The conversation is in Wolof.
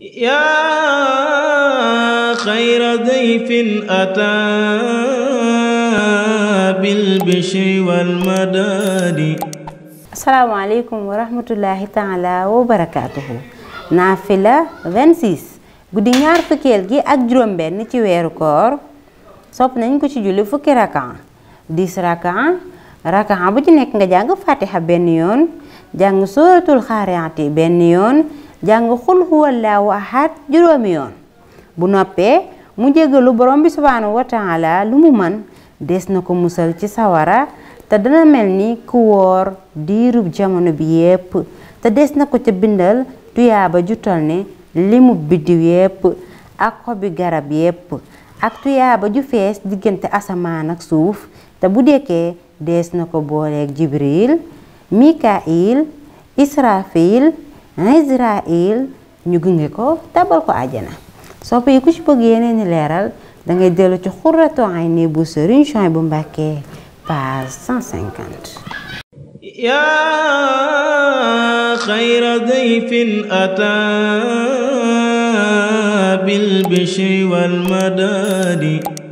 yaa xayra dayfin ataa bil bishri wal madaadi asalaamaaleykum wa rahmatullahi taala wa barakaatuhu naafila 26 guddi ñaar fukkeel ak juróom-benn ci weeru koor sopp nañ ko ci julli fukki rakan 10 rakan rakan bu ci nekk nga jàng fatiha benn yoon jàng suratul xaariati benn yoon jàng xul huwallaahu ahad juróomi yoon bu noppee mu jégalu borom bi subhaanahu wa taala lu mu man des na ko musal ci sawara te dana mel ni ku woor diirub jamono bi yépp te des na ko ca bindal tuyaaba jutal ne limu biddiw yépp ak xobi garab yépp ak tuyaaba ju fees diggante asamaan ak suuf te bu dekkee dees na ko booleeg jibril mikail israfil Israël ñu gunge ko tabal ko àjjana sopp ku ci bëgg yeneen leeral da ngay dellu ci xurratu ayni bu Serigne Souhaïbou Mbacké page 150 yaa xayra dayfin ataa bil bishri wal madadi